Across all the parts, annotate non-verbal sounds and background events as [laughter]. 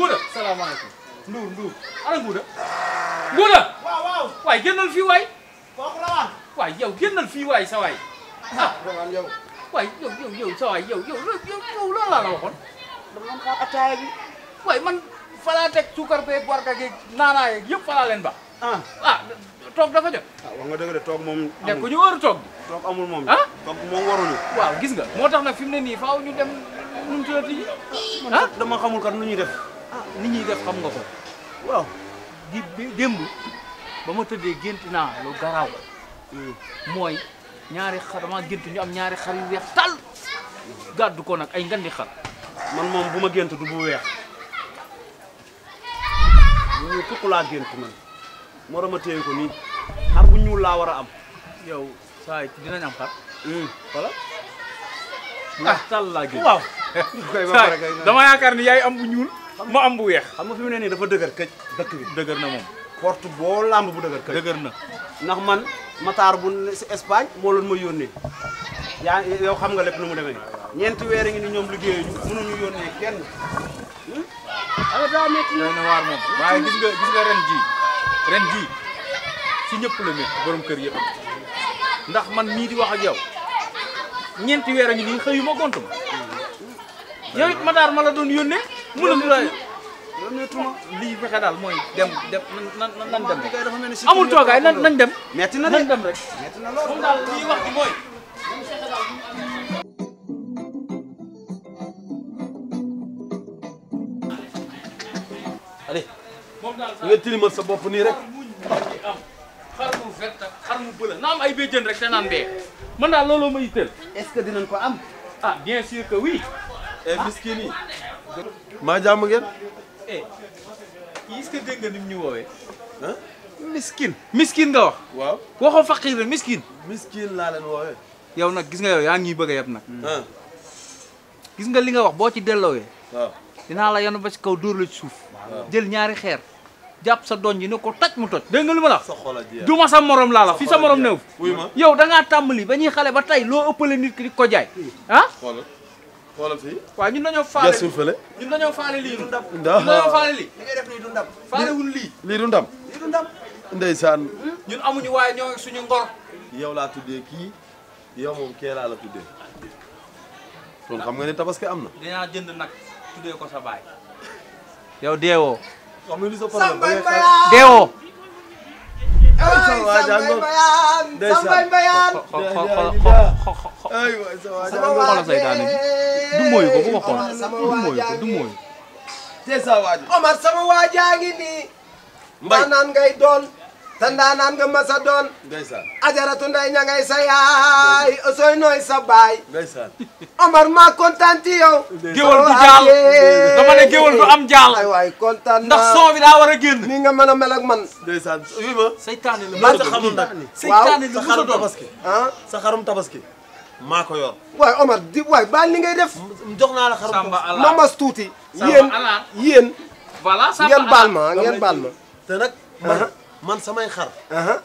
Ngouda salaamaaleykum Ndour Ndour ana Ngouda ah. Ngouda waaw waaw waay génnal fii waay kooku yow génnal fii waay sa waay ah yow waay sa waay yow la waxoon dama am ataaya bi waay man falaa teg suukar beeg warga geeg naanaa yeeg yëpp falaa leen ba ah. Ah, toog dafa jot ah wax nga de toog moom nekk ñu war a toog toog amul moom ah toog moom waruñu waaw gis nga moo tax nag fi mu ne nii faaw ñu dem num tuddati ji ah dama xamul kat nu ñuy def ah nit ñuy def xam nga ko waaw di démb ba ma tëddee gént naa lu garaaw hmm. mooy ñaari xar dama gént ñu am ñaari xar yu weex tal gàddu ko nag ay ngandi xar man moom bu ma gént du bu weex bu ñu tukk laa gént man moo dama téye ko nii xar bu ñuul laa war a am yow saa yi dinañ am xar hmm. voilà ah. [laughs] yaakaar ni yaay am bu ñuul mu am bu weex xam nga fi mu ne nii dafa dëgër këj dëkk bi dëgër na moom porte boo làmb bu dëgër këj dëgër na ndax man mataar bu si Espagne moo loon ma yónnee yaa yow xam nga lépp nu mu demee ñeenti weer ngi ni ñoom liggéeyuñu mënuñu yónnee kenn hmm? ala daa métti na na waar moom waaye gis nga gis nga ren ji ren ji ci ñëpp la métti borom kër yëpp ndax man mii di wax ak yow ñeenti weer ngi nii xëyuma gontu hmm. yow it mataar ma la doon yónnee mënul la loolu ñuy tuma lii fexe dem dem nan nan dem amul toogaay nan nan dem metti na dem rek metti na loolu moom daal lii wax ji mooy allez nga tilimal sa bopp nii rek am xar mu vert ak xar mu bëla na am est-ce que dinañ ko am ah bien sûr que oui et eh, miskini ma jamm ngeen eh iske est-ce nga ni ñu wowe hein miskin miskin nga wax waaw waxo faqir rek miskin miskin la leen wowe yow ya, nak gis nga yow ya ngi bëgg yeb nak, hein gis nga li nga wax bo ci delloowee waaw dina la yanu ba ci kaw dóor la ci suuf jël ñaari xeer japp sa doñ ji ne ko taj mu toj dégg nga li ma la duma sa morom la la fi sa morom neuf yow da nga tambali bañi xalé ba tay lo ëppale nit ki ko jaay ah xoolal fii waaw ñun dañoo faale gëstu fële ñun dañoo faale lii du ndam ñun dañoo faale lii li ngay def nii du ndam faale wun lii lii du ndam lii du ndam ndeysaan ñun amuñu waaye ñoo suñu ngor yow laa tuddee kii yow moom kee laa la tuddee kon xam nga ne tabaski am na dinaa jënd nag tuddee ko sa baay yow deewoo xam nga li sa problème deewoo Sambay Mbayaan Sambay Mbayaan Dumoy ko bu ko dumoy dumooyu ko dumooyu te sa waaj Omar oh, sama waajaa ngi nii mbay naan ngay doon te ndaanaan nga masa doon ndeysaan ajaratu nday ña ngay sa yaay sooy nooy sa baay ndeysaan Omar maa kontaan ci yow géwal du jaal dama ne géwal du am jal. ay waay kontaan ndax son bi daa war a génn ni nga mën a mel ak man ndeysaan wi ma saytaane la man sa xarum nag saytaane la musa doon sa xarum tabaski ah? maa ko yor. waay Omar di waay baal li ngay def. jox naa la xar mamas tuuti. yéen yéen. voilà Samba ngeen baal ma ngeen baal ma. te nag man uh-huh. samay xar. Uh-huh.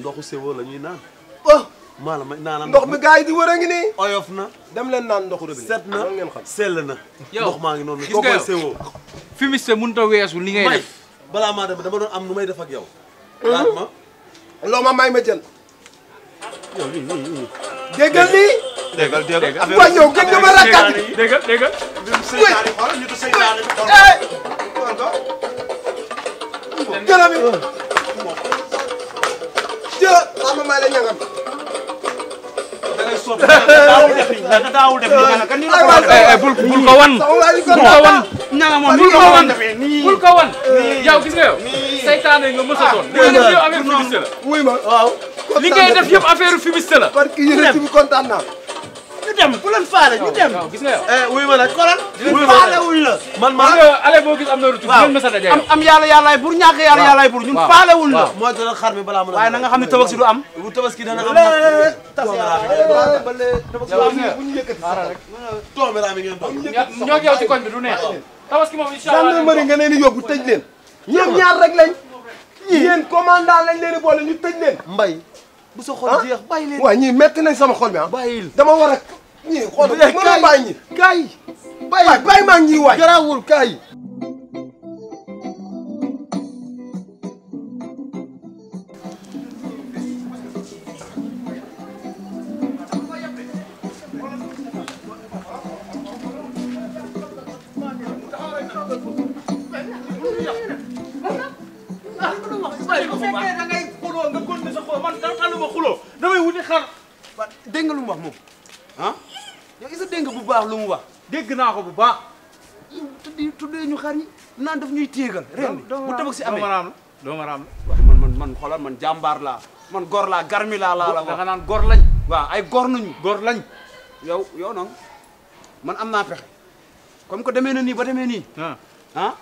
ndoxu sewo la ñuy naan. oh maa la may naan ndox mi gars yi di wër a ngi nii. oyof na dem leen naan ndoxu robinet. set na sell na. yow ndox maa ngi noonu kooku mooy sewo. fumiste mënut weesu li ngay def. balaa maa dama doon am nu may defak ak yow. Uh-huh. ma loo ma may ma jël. yow lii lii lii. déggal lii. déggal déggal affaire bi yow gën nga ma rakkati. déggal déggal. daawul def ni eh, eh, bul bul ko wan bul ko wan ñanga moom bul ko wan bul ko wan yow gis nga yow saytaane nga mës a doon ah, def yow affaire bi gis la waaw li ngay def yëpp affaire fumiste la. parce que yéen bi kontaan naa ñu dem bu faale ñu dem. gis nga yow eh, wuyu ma nag koral. wuyu ma faale wul la. man am na retour. waaw am am yàlla yàllaay bur ñàkk yàlla yàllaay bur ñun faale wul la. mooy doon xar mi balaa ma la. waaye na nga xam ne tabaski du am. bu tabaski dana am nag. toomiraam yi ngeen doon. ñoo ngi yow ci koñ bi du neex. tabaski moom incha allah mari nga leen di yóbbu tëj rek lañ. ñii yéen commandant lañ leen di boole ñu tëj leen mbay bu sa xol ah? jeex bàyyi leen waaw ñii metti nañ sama xol bi ah. dama war a ñii xool eh, mën a bàyyi ñi. kaay kaay bàyyi maa ngi ñuy waay garaawul kaay ah yow ya, isa dégg nga bu baax lu mu wax dégg naa ko bu baax tuddi tuddee ñu xar yi daf ñuy téegal ren bu tabax si amee doo ma raam la man man man xoolal man jambar laa man gor laa garmi laa laa la wax da nga naan gor lañ waaw ay gor nañu gor lañ yow yow noonu man amna naa fexe comme que demee na nii ba demee nii ah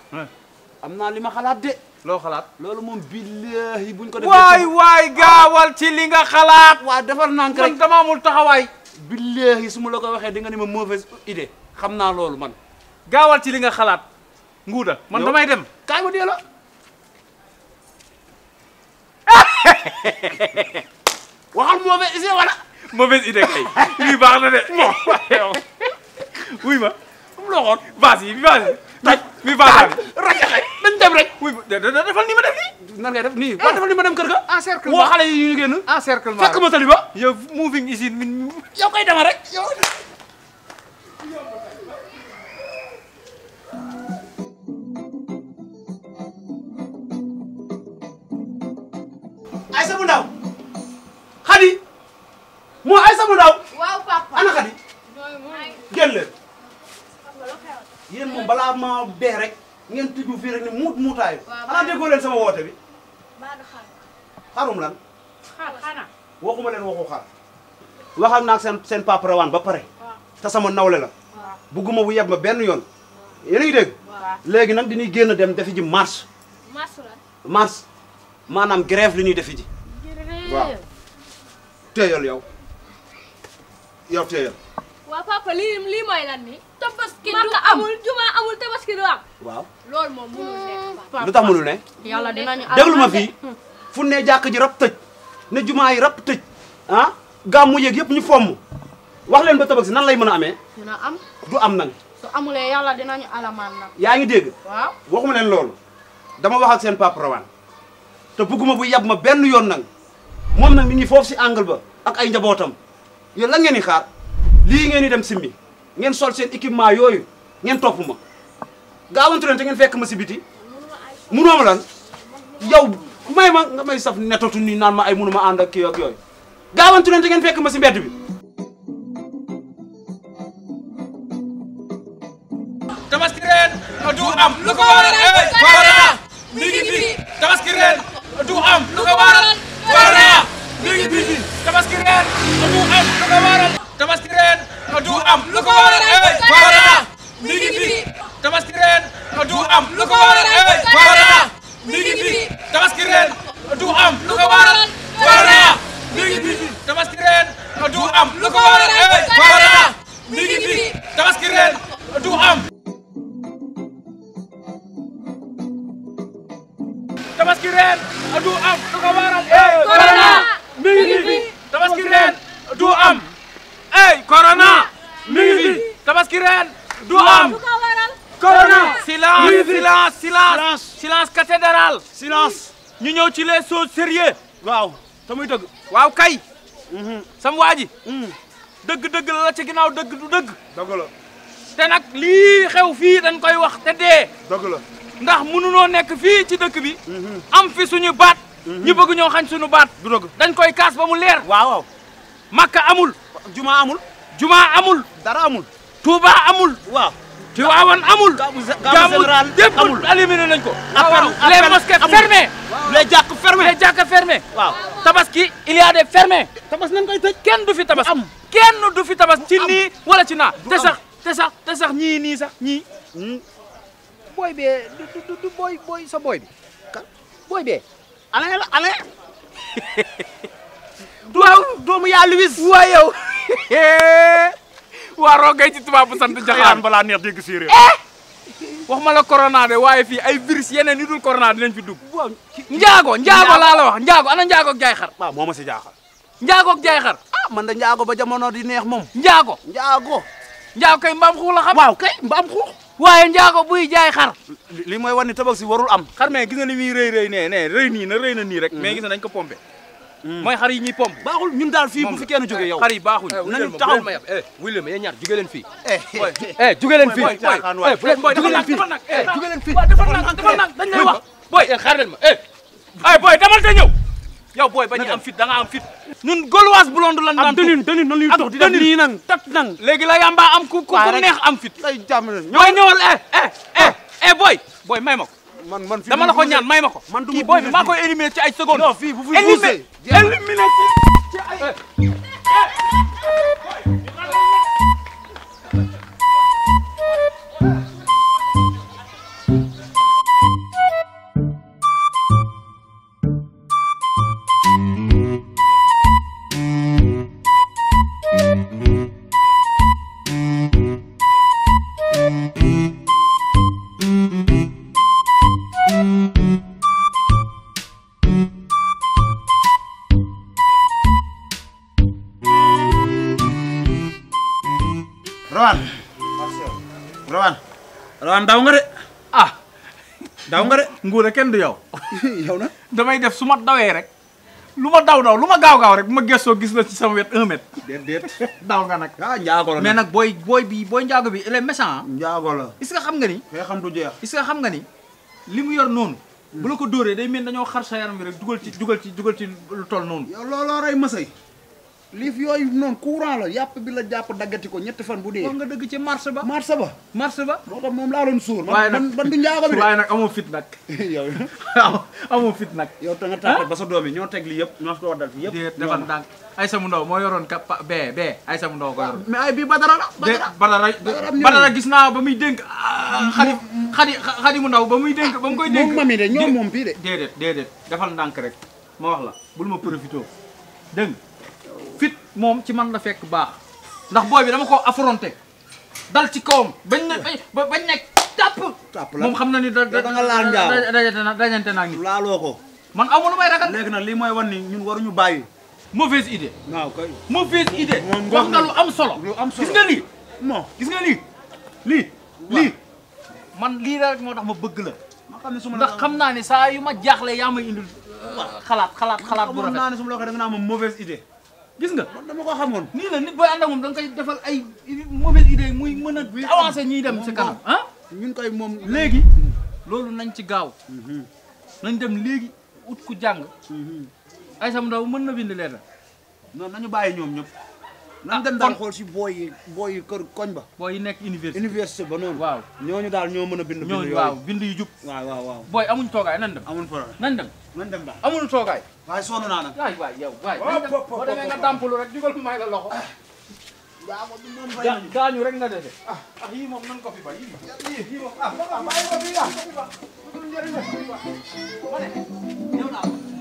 am naa li ma xalaat de loo xalaat loolu moom billahi buñ ko defee waay waay gaawal ci li nga xalaat waaw defal naa rek man dama amul taxawaay billaahi su ma la ko waxee di nga ni ma mauvaise idée xam naa loolu man. gaawal ci li nga xalaat nguuda man damay dem kaay ma dee la. [laughs] waxal mauvaise idée wala. mauvaise idée kay lii baax na de [laughs] [laughs] wuy ma. mu waxoon vase yi vase yi. taj mi vase dañ dem rek. muy defal ni ma def nii. nan ngay def nii eh. waaw defal ni ma dem kër ga. encerclement woo xale yi ñu génn. encerclement fekk ma tali ba. yow kay dama rek yow. Aïssa bu ndaw Khady moo Aïssa bu ana Khady. génn ngeen mom bala ma be rek ngeen tijju fi rek ni mut mutay ala deggo len sama wote bi. xarum lan. xaar xanaa. waxuma len waxu xaar. ak nak sen sen papa rawan ba pare. ta sama nawle la. buguma bu yeb ma ben yon yéen deg legi nak dini genn dem defi ji mars mars la. mars manam grève li ni defi ji. waaw téyal yow yow teyal waaw papa lii lii mooy lan ni tabaski du am amul juma amul tabaski du am waaw loolu moom mënul nekk lu tax mënul ya hmm. ne dinañu déglu ma fii fu ne jàkk ji rab tëj ne juma yi rab tëj ah gàmmu yeeg yëpp ñu fomm wax leen ba tabaski nan lay mën a amee dina am du am nag su amulee yàlla ya dinañu alamaan nag yaa ngi dégg waaw waxuma leen loolu dama wax ak seen papa rawaan te bëgguma bu yab ma benn yoon nag moom nag mi ngi foofu si angle ba ak ay njabootam yow la ngeen di xaar li ngeen di dem simbi ngeen sol seen équipement yooyu ngeen topp ma gaawantu leen te ngeen fekk ma si biti munoo lan yow may ma nga may saf netatu ni naan ma ay munu ma ànd ak kii ak yooyu gaawantu leen te ngeen fekk ma si mbedd bi. tabaski ren du am lu ko waral Fara mi ngi fi tabaski du am lu ko waral Fara mi ngi fi tabaski du am lu ko waral tabaski ren du am lu ko waral Corona mi ngi fi tabaski ren du am lu ko waral Corona mi ngi fi tabaski ren du am lu ko waral Corona mi ngi fi tabaski ren du am tabaski ren du am lu ko waral Corona mi ngi fi tabaski ren du am ay Corona mi ngi fi tabaski ren du am Corona silence silence silence silence cathédrale silence ñu ñëw ci les choses sérieux waaw te muy dëgg waaw kay sam waa ji deg, dëgg la la ci ginnaaw dëgg du dëgg dëgg la te nag lii xew fii dañ koy wax te dee dëgg la ndax mënunoo nekk fii ci deuk bi mhm. am fi suñu bat ñu bëgg ñoo xañ suñu bat du dañ koy kaas ba mu leer waaw waaw makka amul juma amul juma amul dara amul Touba amul waaw Tiwaawan amul. gàmmu général amul yëpp éliminé nañ ko. waaw les mosquées fermées. les jàkk fermées les jàkk fermées. waaw tabaski il y a tabas nañ koy tëj kenn du tabas. am kenn du fi tabas ci nii wala ci naa. te sax te sax nii nii sax ñii. Hmm. booy bee du du du booy sa booy bi. booy bee. ana la ana. waaw [laughs] doomu yaa Louis. waaw yow. [laughs] warooge ci bu sante jaxaan bala neex dégg séeréer wax mala corona de way fi ay virus yeneen ni dul corona dinañ fi dug njaago njaago la la wax njaago ana ak jaay xar waaw moma ci si njaago ak jaay xar ah man da njaago ba jamono di neex mom njaago njaago njaago kay mbaam xuux la xam waaw kay mbaam xuux waye njaago buy jaay xar li moy tabaxi warul am xar me gis nga ni mi reey reey ne ne reey ni na reey na ni rek me gis nga dañ ko pomper Hmm. mooy xar yi ñuy pomp baaxul ñun daal fii bu fi kenn jógee yow xar yi baaxul eh, nañu taxaw wuy le ma eh, yéen leen fii eh, eh jóge leen fii eh bu leen booy jóge leen fii eh jóge leen fii booy xaar leen ma eh booy demal te ñëw yow booy bañ am fit da nga am fit ñun Gauloise blonde lan daan denin denin nan ñuy di def nii tat nang léegi la yamba am ku ku neex am fit ay jàmm ñoo ñëwal eh eh eh booy may ma ko man man dama la ko ñaan may ma ko. man du ma koy éliminer ci ay secondes. non fii bu fi poussé éliminé ci ay. Eh. Eh. waaw ndaw nga de. ah ndaw nga de. nguur kenn du yow. [laughs] yow na damay def su ma dawee rek lu ma daw daw lu ma gaaw gaaw rek bu ma gëstoo gis la ci sama wet un mètre. déet déet [laughs] daw nga nag. ah njaago la mais nag booy booy bi booy njaago bi il est méchant. Ah. njaago la xam nga ni. xëy xam du jeex. est xam nga ni li mu yor noonu. bu la ko dóoree day mel dañoo xar sa yaram bi rek dugal ci dugal ci dugal ci lu toll noonu. yow looloo rey masay. yo yooyu non courant la yap bi la japp dagati ko ñett fan bu dee. nga deug ci marché ba. marché ba marché ba. moo tax moom doon sour waaye du njaago bi de. nak amu fit nak. [laughs] yow amu fit nak. [laughs] yow ta nga tàggat ah? ba sa doomi ñoo tegg li yëpp ñoo ko wadal fi yëpp. defal dank ay mu ndaw mo yoron ka pa bee ay sa mu ndaw ko yoroon. mais ay bi badara la. badara badara gis na ba muy denk xadi xadi xadi mu ndaw ba muy denk ba ngoy denk mom mami de ñoo mom bi de. dedet. dedet defal dank rek ma wax la bul ma profité fit mom ci man la fekk bax ndax boy bi dama ko affronté dal ci kom bañ ne bañ nek tap tàpp la moom ni da nga laal njaaw dajante na ngi laaloo ko man amu lu may ragal leg nag li moy wan ni ñun ñu bayyi mauvaise idée naw kay mauvaise idée wax nga lu am solo lu am solo gis nga li mo gis nga li li li man li rek moo tax ma bëgg la ndax xamna ni sa yu ma jaxlé ya ma indul khalat khalat khalat bu rafet naa ni su ma la da nga naa mauvaise idée gis nga dama ko xamoon nii la nit booy ànd ak moom da nga koy defal ay mauvaise idée muy mën a avancé ñuy dem si kanam ah ñun koy moom léegi mm-hmm. loolu nañ ci gaaw mm-hmm. nañ dem léegi ut ku jàng ay sam ndaw mën na bind leeta non nañu bàyyi ñoom ñëpp nan ah, dem si booy yi booy kër koñ ba booy yi nekk université université ba noonu waaw ñooñu daal ñoo mën a bind bind waaw bind yu jub waaw waaw waaw booy toogaay nan dem amuñ problème nan dem man dem ba amul toogaay. waaye sonn naa nag. waay waay yow waay. boo demee nga dàmpalu rek jugal may la loxo. waaw moom noonu fay nañu gaañu rek nga dese. ah ah yii moom nan ko fi ba yii yii moom ah ah bàyyi ko fi ah.